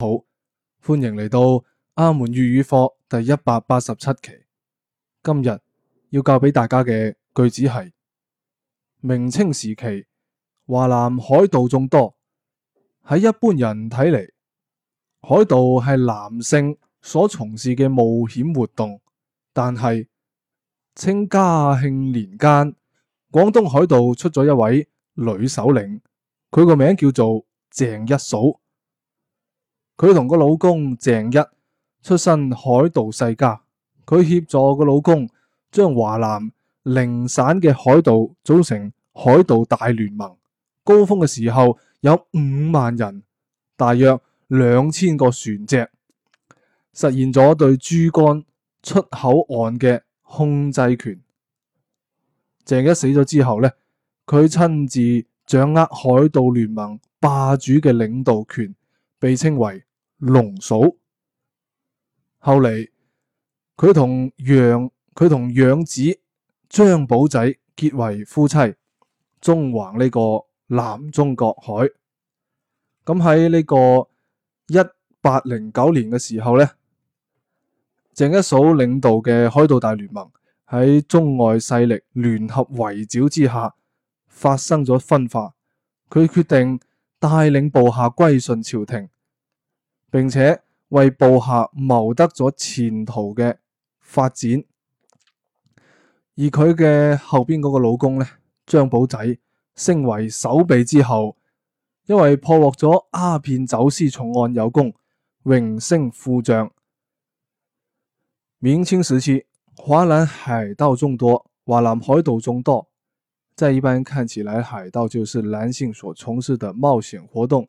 好，歡迎嚟到阿門粵語課第一百八十七期。今日要教俾大家嘅句子係：明清時期，華南海盜眾多。喺一般人睇嚟，海盜係男性所從事嘅冒險活動。但係清嘉慶年間，廣東海盜出咗一位女首領，佢個名叫做鄭一嫂。佢同個老公鄭一，出身海盜世家，佢協助個老公將華南零散嘅海盜組成海盜大聯盟，高峰嘅時候有五萬人，大約兩千個船隻，實現咗對珠江出口岸嘅控制權。鄭一死咗之後呢，佢親自掌握海盜聯盟霸主嘅領導權，被稱為。龍嫂，後嚟佢同養，佢同養子張寶仔結為夫妻。中橫呢個南中國海。咁喺呢個一八零九年嘅時候呢，鄭一嫂領導嘅海盜大聯盟喺中外勢力聯合圍剿之下發生咗分化。佢決定帶領部下歸順朝廷。並且為部下謀得咗前途嘅發展，而佢嘅後邊嗰個老公呢，張寶仔升為守備之後，因為破獲咗鴉片走私重案有功，榮升副將。明清時期，華南海盜眾多，華南海盜眾多，即在一般看起來，海盜就是男性所從事的冒險活動。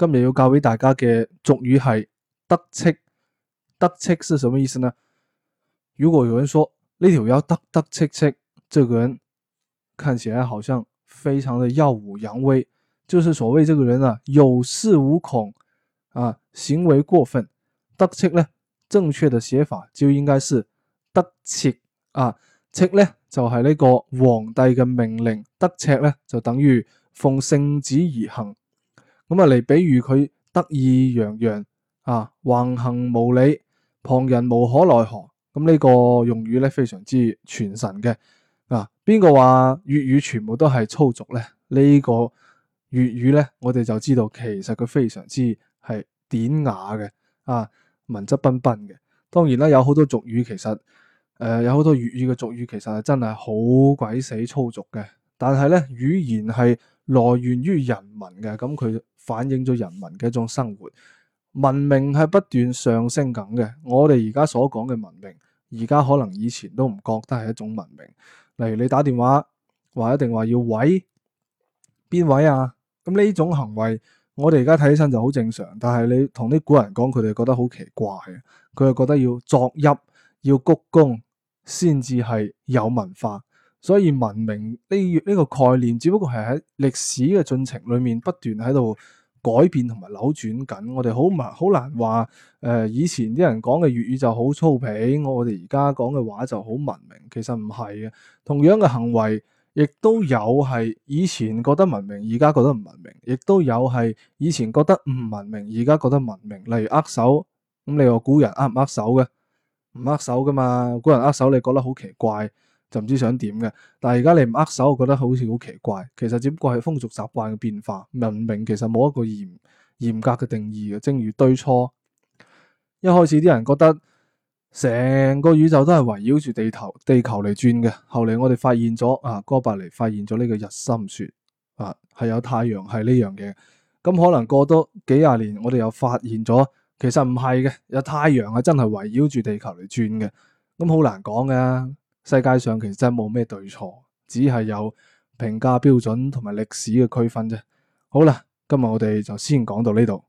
今日要教俾大家嘅俗語係得戚。得戚是什麼意思呢？如果有人說，呢條友得得戚戚，這個人看起來好像非常的耀武揚威，就是所謂這個人啊有恃無恐啊，行為過分。得戚呢，正確嘅寫法就應該是得戚啊。戚呢，就係呢個皇帝嘅命令，得戚呢，就等於奉聖旨而行。咁啊，嚟比喻佢得意洋洋啊，橫行無理，旁人無可奈何。咁呢個用語咧非常之傳神嘅。啊，邊個話粵語全部都係粗俗咧？呢個粵語咧，我哋就知道其實佢非常之係典雅嘅。啊，文質彬彬嘅。當然啦，有好多俗語，其實誒有好多粵語嘅俗語，其實係真係好鬼死粗俗嘅。但係咧，語言係來源於人民嘅，咁佢，反映咗人民嘅一種生活，文明係不斷上升緊嘅。我哋而家所講嘅文明，而家可能以前都唔覺得係一種文明。例如你打電話，話一定話要位，邊位啊？咁呢種行為，我哋而家睇起身就好正常，但係你同啲古人講，佢哋覺得好奇怪，佢係覺得要作揖，要鞠躬，先至係有文化。所以文明呢呢個概念只不過係喺歷史嘅進程裏面不斷喺度改變同埋扭轉緊，我哋好難好難話誒以前啲人講嘅粵語就好粗鄙，我哋而家講嘅話就好文明。其實唔係嘅，同樣嘅行為亦都有係以前覺得文明，而家覺得唔文明；亦都有係以前覺得唔文明，而家覺得文明。例如握手，咁你話古人握唔握手嘅？唔握手噶嘛，古人握手你覺得好奇怪。就唔知想點嘅，但係而家你唔握手，我覺得好似好奇怪。其實只不過係風俗習慣嘅變化，文明，明其實冇一個嚴嚴格嘅定義嘅。正如對錯，一開始啲人覺得成個宇宙都係圍繞住地球，地球嚟轉嘅，後嚟我哋發現咗啊，哥白尼發現咗呢個日心說啊，係有太陽系呢樣嘢。咁可能過多幾廿年，我哋又發現咗，其實唔係嘅，有太陽系真係圍繞住地球嚟轉嘅。咁好難講嘅。世界上其實真係冇咩對錯，只係有評價標準同埋歷史嘅區分啫。好啦，今日我哋就先講到呢度。